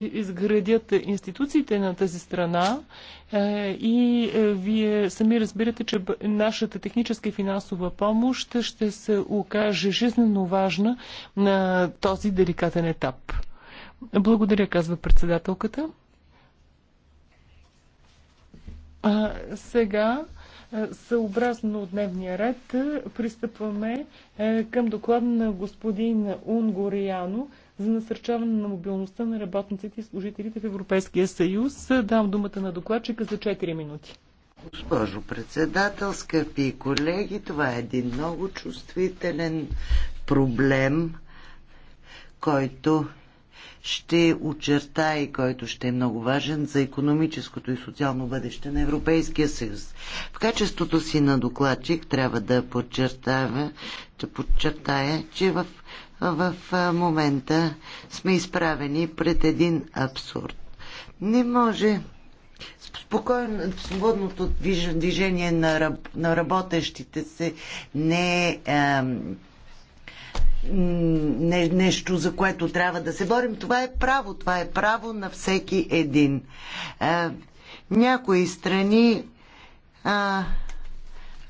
изградят институциите на тази страна е, и е, вие сами разбирате, че нашата техническа и финансова помощ ще се окаже жизненно важна на този деликатен етап. Благодаря, казва председателката. А, сега е, Съобразно дневния ред пристъпваме към доклада на господин Унгорияно за насърчаване на мобилността на работниците и служителите в Европейския съюз. Дам думата на докладчика за 4 минути. Госпожо председател, скъпи колеги, това е един много чувствителен проблем, който ще очерта и който ще е много важен за економическото и социално бъдеще на Европейския съюз. В качеството си на докладчик трябва да подчертава, да подчертая, че в в момента сме изправени пред един абсурд. Не може спокойно, свободното движение на, раб, на работещите се не е не, нещо, за което трябва да се борим. Това е право. Това е право на всеки един. А, някои страни а,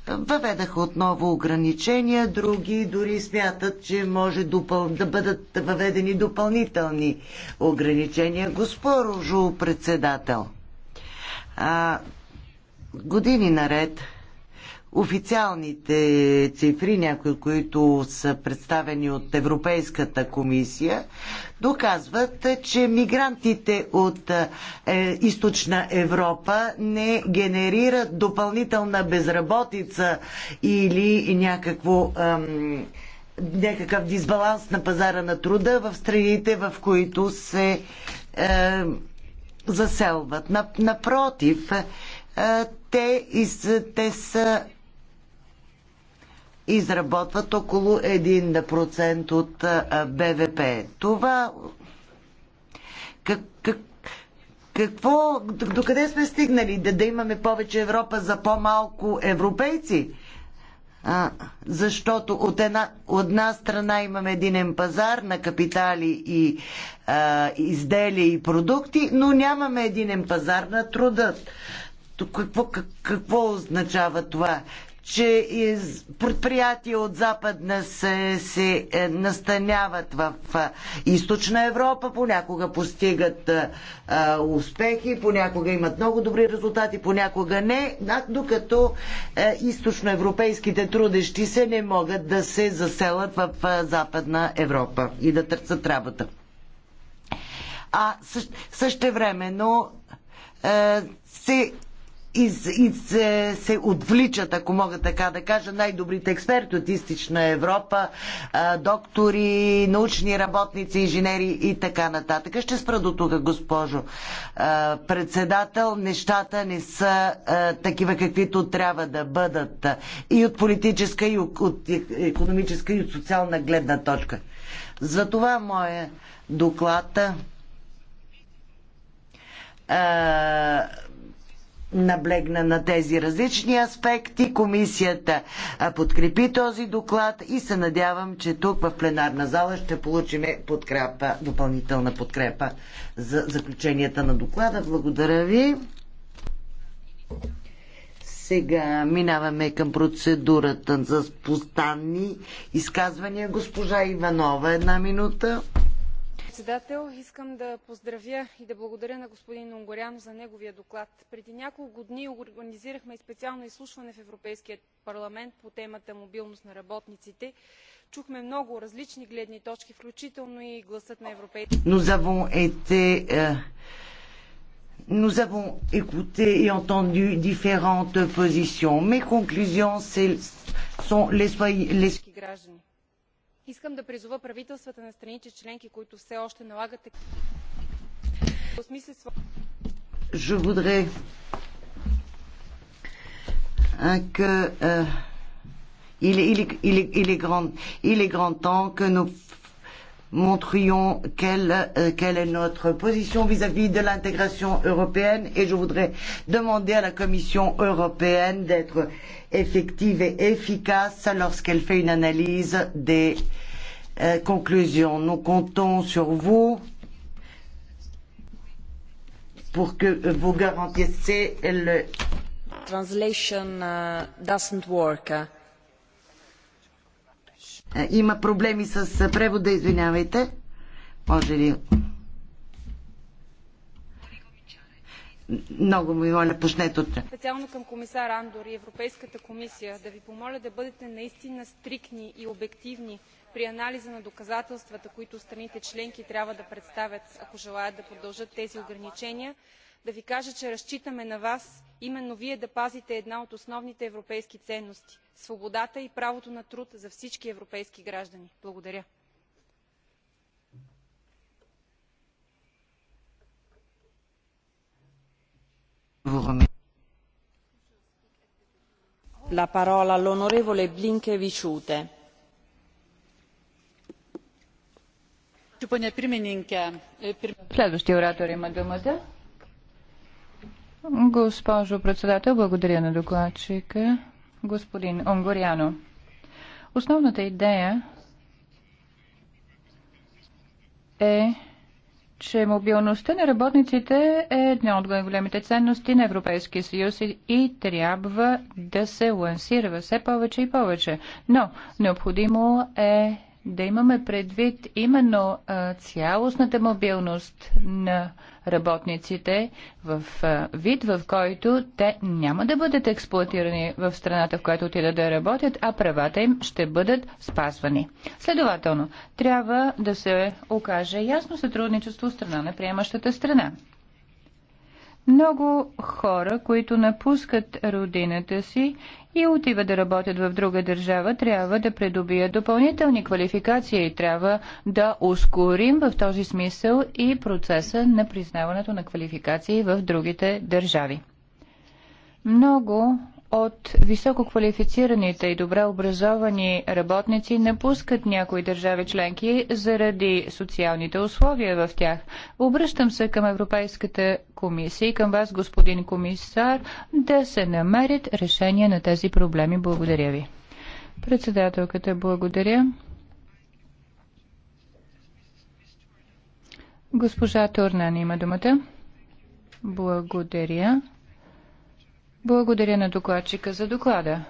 въведаха отново ограничения, други дори смятат, че може допъл... да бъдат въведени допълнителни ограничения. Госпожо председател, а, години наред официалните цифри, някои от които са представени от Европейската комисия, доказват, че мигрантите от е, източна Европа не генерират допълнителна безработица или някакво. Ем, някакъв дисбаланс на пазара на труда в страните, в които се е, заселват. Напротив, е, те, из, те са изработват около 1% от БВП. Това как, как, какво, докъде сме стигнали? Да, да имаме повече Европа за по-малко европейци? А, защото от една, от една страна имаме единен пазар на капитали и а, изделия и продукти, но нямаме единен пазар на труда. Какво, какво означава това? че предприятия от Западна се, се е, настаняват в е, Източна Европа, понякога постигат а, е, успехи, понякога имат много добри резултати, понякога не, докато а, източноевропейските трудещи се не могат да се заселят в а, Западна Европа и да търсят работа. А също, времено. се и из, се отвличат, ако мога така да кажа, най-добрите експерти от Истична Европа, доктори, научни работници, инженери и така нататък. Ще спра до тук, госпожо председател. Нещата не са такива, каквито трябва да бъдат и от политическа, и от економическа, и от социална гледна точка. Затова моя доклад а, наблегна на тези различни аспекти. Комисията подкрепи този доклад и се надявам, че тук в пленарна зала ще получим подкрепа, допълнителна подкрепа за заключенията на доклада. Благодаря ви. Сега минаваме към процедурата за спостанни изказвания. Госпожа Иванова, една минута председател. Искам да поздравя и да благодаря на господин Унгурян за неговия доклад. Преди няколко дни организирахме специално изслушване в Европейския парламент по темата мобилност на работниците. Чухме много различни гледни точки, включително и гласът на Европейския парламент. Euh, nous avons écouté et entendu différentes positions. Mes conclusions sont les, les... граждани искам да призова правителствата на страните членки които все още налагат Je voudrais euh, que euh, il, il, il, il, est grand, il est grand temps que nous montrions quelle, quelle est notre position vis-à-vis -vis de l'intégration européenne et je voudrais demander à la Commission européenne d'être effective et efficace lorsqu'elle fait une analyse des euh, conclusions. Nous comptons sur vous pour que vous garantissiez le. Translation uh, doesn't work. Е, има проблеми с е, превода, извинявайте. Може ли? Много ми моля, почнете от Специално към комисар Андор и Европейската комисия да ви помоля да бъдете наистина стрикни и обективни при анализа на доказателствата, които страните членки трябва да представят, ако желаят да продължат тези ограничения, да ви кажа, че разчитаме на вас именно вие да пазите една от основните европейски ценности свободата и правото на труд за всички европейски граждани. Благодаря. La parola all'onorevole Blinkevičiūtė. Eh, Следващия оратор има думата. Госпожо председател, благодаря на докладчика господин Онгоряно. Основната идея е, че мобилността на работниците е една от големите ценности на Европейския съюз и трябва да се лансира все повече и повече. Но необходимо е да имаме предвид именно цялостната мобилност на работниците в вид, в който те няма да бъдат експлуатирани в страната, в която отидат да работят, а правата им ще бъдат спазвани. Следователно, трябва да се окаже ясно сътрудничество в страна на приемащата страна много хора, които напускат родината си и отиват да работят в друга държава, трябва да придобият допълнителни квалификации и трябва да ускорим в този смисъл и процеса на признаването на квалификации в другите държави. Много от висококвалифицираните и добре образовани работници напускат някои държави членки заради социалните условия в тях. Обръщам се към Европейската комисия и към вас, господин комисар, да се намерят решения на тези проблеми. Благодаря ви. Председателката, благодаря. Госпожа Турнан има думата. Благодаря. Благодаря на докладчика за доклада.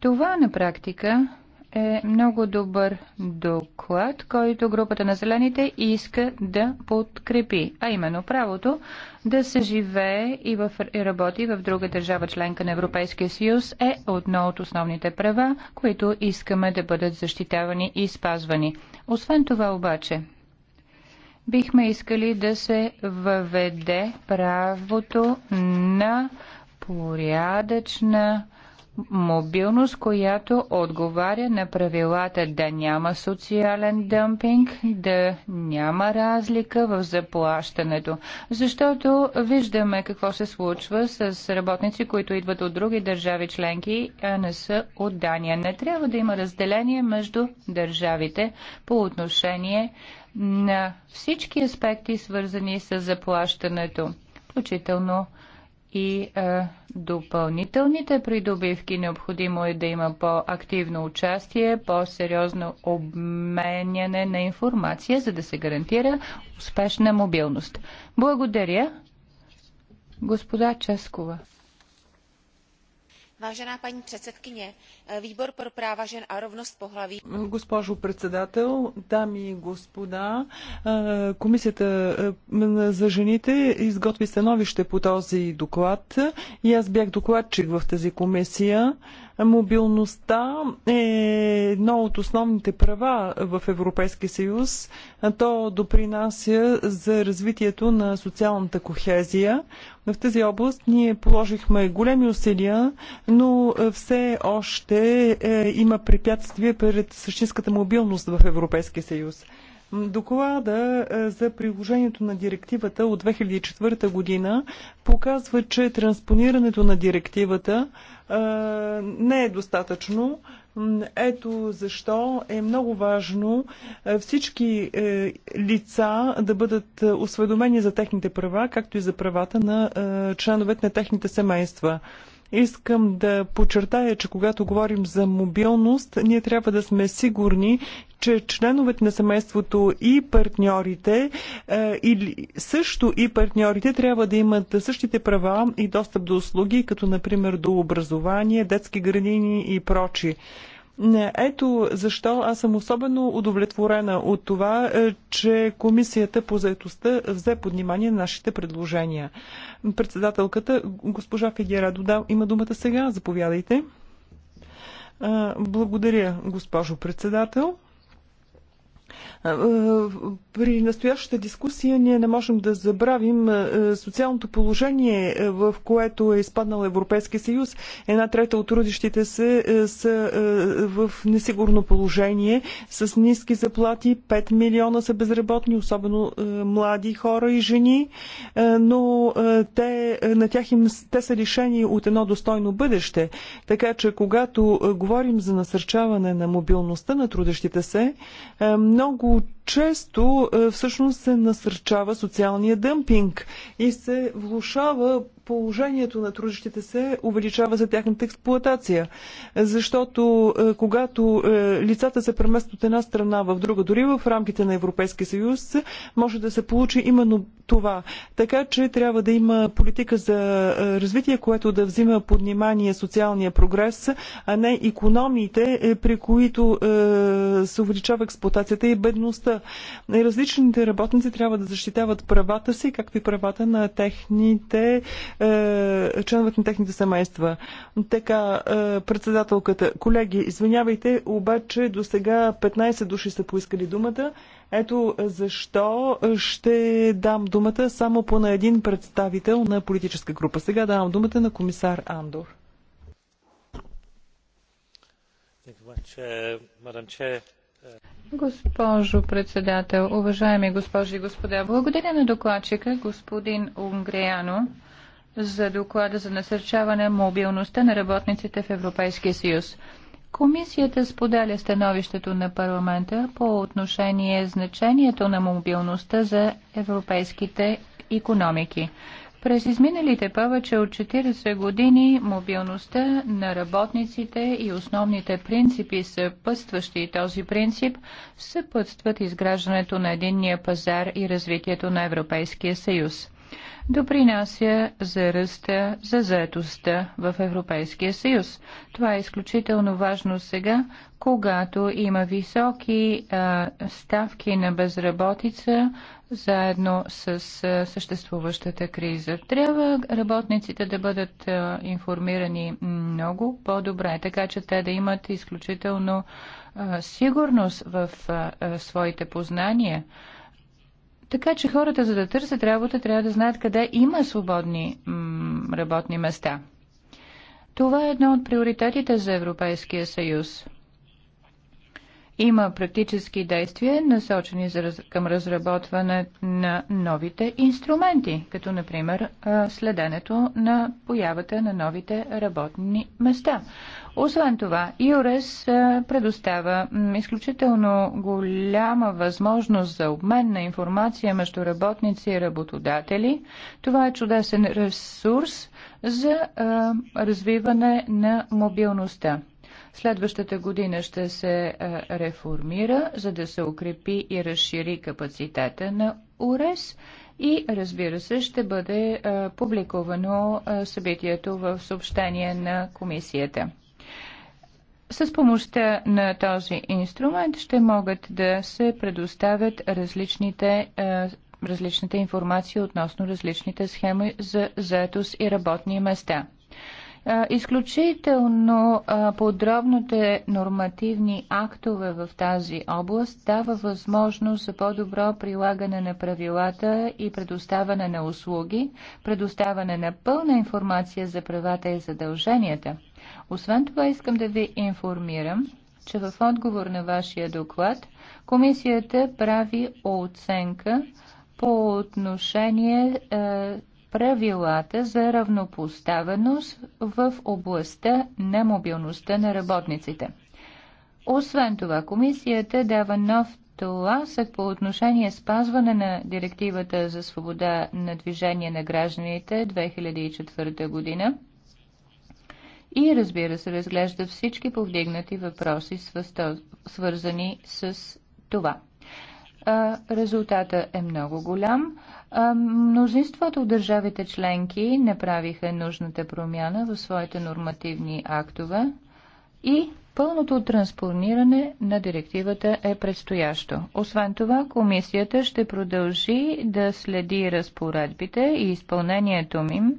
Това на практика е много добър доклад, който групата на зелените иска да подкрепи, а именно правото да се живее и, в, и работи в друга държава членка на Европейския съюз е едно от основните права, които искаме да бъдат защитавани и спазвани. Освен това обаче, бихме искали да се въведе правото на порядъчна мобилност, която отговаря на правилата да няма социален дъмпинг, да няма разлика в заплащането. Защото виждаме какво се случва с работници, които идват от други държави членки, а не са от Дания. Не трябва да има разделение между държавите по отношение на всички аспекти, свързани с заплащането, включително и е, допълнителните придобивки. Необходимо е да има по-активно участие, по-сериозно обменяне на информация, за да се гарантира успешна мобилност. Благодаря, господа Ческова. Vážená paní předsedkyně, eh, výbor pro práva žen a rovnost pohlaví. Госпожо председател, дами и господа, э, Комисията э, за жените изготви становище по този доклад и аз бях докладчик в тази комисия. Мобилността е едно от основните права в Европейския съюз. То допринася за развитието на социалната кохезия. В тази област ние положихме големи усилия, но все още е, има препятствия пред същинската мобилност в Европейския съюз. Доклада е, за приложението на директивата от 2004 година показва, че транспонирането на директивата е, не е достатъчно. Ето защо е много важно е, всички лица да бъдат осведомени за техните права, както и за правата на членовете на техните семейства. Искам да подчертая, че когато говорим за мобилност, ние трябва да сме сигурни, че членовете на семейството и партньорите, е, или също и партньорите, трябва да имат същите права и достъп до услуги, като например до образование, детски градини и прочи. Ето защо аз съм особено удовлетворена от това, е, че Комисията по заедостта взе под внимание на нашите предложения. Председателката, госпожа Фегера има думата сега. Заповядайте. Благодаря, госпожо председател. При настоящата дискусия ние не можем да забравим социалното положение, в което е изпаднал Европейския съюз. Една трета от трудещите се са в несигурно положение, с ниски заплати. 5 милиона са безработни, особено млади хора и жени, но те, на тях им, те са лишени от едно достойно бъдеще. Така че, когато говорим за насърчаване на мобилността на трудещите се, много много често е, всъщност се насърчава социалния дъмпинг и се влушава положението на трудещите се, увеличава за тяхната експлуатация. Защото е, когато е, лицата се преместят от една страна в друга, дори в рамките на Европейския съюз, може да се получи именно това. Така че трябва да има политика за развитие, което да взима под внимание социалния прогрес, а не економиите, при които се увеличава експлуатацията и бедността. Различните работници трябва да защитават правата си, както и правата на техните е, членове на техните семейства. Така, е, председателката, колеги, извинявайте, обаче до сега 15 души са поискали думата. Ето защо ще дам думата само по на един представител на политическа група. Сега давам думата на комисар Андор. Thank you much, uh, Madam Chair. Госпожо председател, уважаеми госпожи и господа, благодаря на докладчика господин Унгреяно за доклада за насърчаване мобилността на работниците в Европейския съюз. Комисията споделя становището на парламента по отношение значението на мобилността за европейските економики. През изминалите повече от 40 години мобилността на работниците и основните принципи, съпътстващи този принцип, съпътстват изграждането на единния пазар и развитието на Европейския съюз допринася за ръста, за заетостта в Европейския съюз. Това е изключително важно сега, когато има високи а, ставки на безработица, заедно с съществуващата криза. Трябва работниците да бъдат информирани много по-добре, така че те да имат изключително сигурност в своите познания. Така че хората, за да търсят работа, трябва да знаят къде има свободни работни места. Това е едно от приоритетите за Европейския съюз. Има практически действия, насочени за, към разработване на новите инструменти, като например следенето на появата на новите работни места. Освен това, ИОРЕС предоставя изключително голяма възможност за обмен на информация между работници и работодатели. Това е чудесен ресурс за развиване на мобилността. Следващата година ще се е, реформира, за да се укрепи и разшири капацитета на УРЕС и разбира се ще бъде е, публикувано е, събитието в съобщение на комисията. С помощта на този инструмент ще могат да се предоставят различните, различната информация относно различните схеми за заетост и работни места. Изключително подробните нормативни актове в тази област дава възможност за по-добро прилагане на правилата и предоставяне на услуги, предоставяне на пълна информация за правата и задълженията. Освен това искам да ви информирам, че в отговор на вашия доклад комисията прави оценка по отношение е, правилата за равнопоставеност в областта на мобилността на работниците. Освен това, комисията дава нов тласък по отношение спазване на директивата за свобода на движение на гражданите 2004 година и разбира се разглежда всички повдигнати въпроси свързани с това резултата е много голям. Мнозинството от държавите членки направиха нужната промяна в своите нормативни актове и пълното транспониране на директивата е предстоящо. Освен това, комисията ще продължи да следи разпоредбите и изпълнението им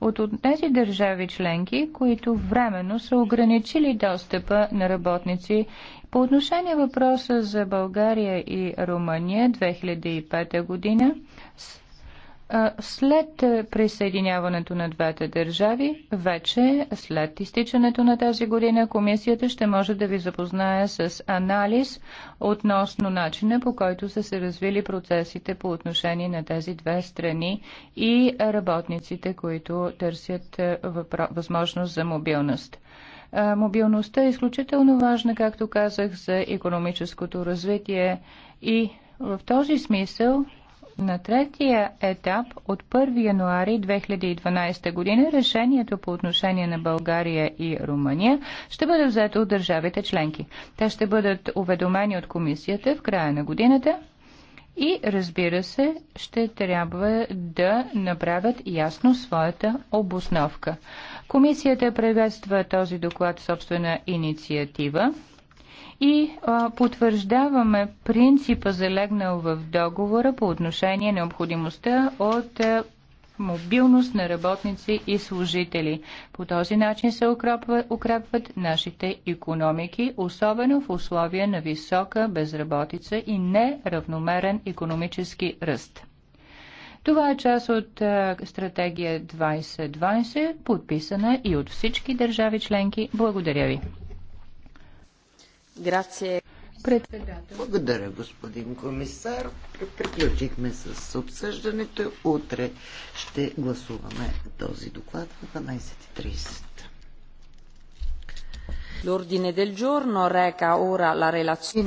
от тези държави членки, които временно са ограничили достъпа на работници. По отношение въпроса за България и Румъния 2005 година, след е, присъединяването на двете държави, вече след изтичането на тази година, комисията ще може да ви запознае с анализ относно начина по който са се развили процесите по отношение на тези две страни и работниците, които търсят е, възможност за мобилност. Мобилността е изключително важна, както казах, за економическото развитие и в този смисъл на третия етап от 1 януари 2012 година решението по отношение на България и Румъния ще бъде взето от държавите членки. Те ще бъдат уведомени от комисията в края на годината и разбира се, ще трябва да направят ясно своята обосновка. Комисията приветства този доклад собствена инициатива и а, потвърждаваме принципа залегнал в договора по отношение необходимостта от а, мобилност на работници и служители. По този начин се укрепва, укрепват нашите економики, особено в условия на висока безработица и неравномерен економически ръст. Това е част от а, стратегия 2020, подписана и от всички държави членки. Благодаря ви. Благодаря, господин комисар. Приключихме с обсъждането. Утре ще гласуваме този доклад в 12.30. L'ordine del giorno reca ora la relazione.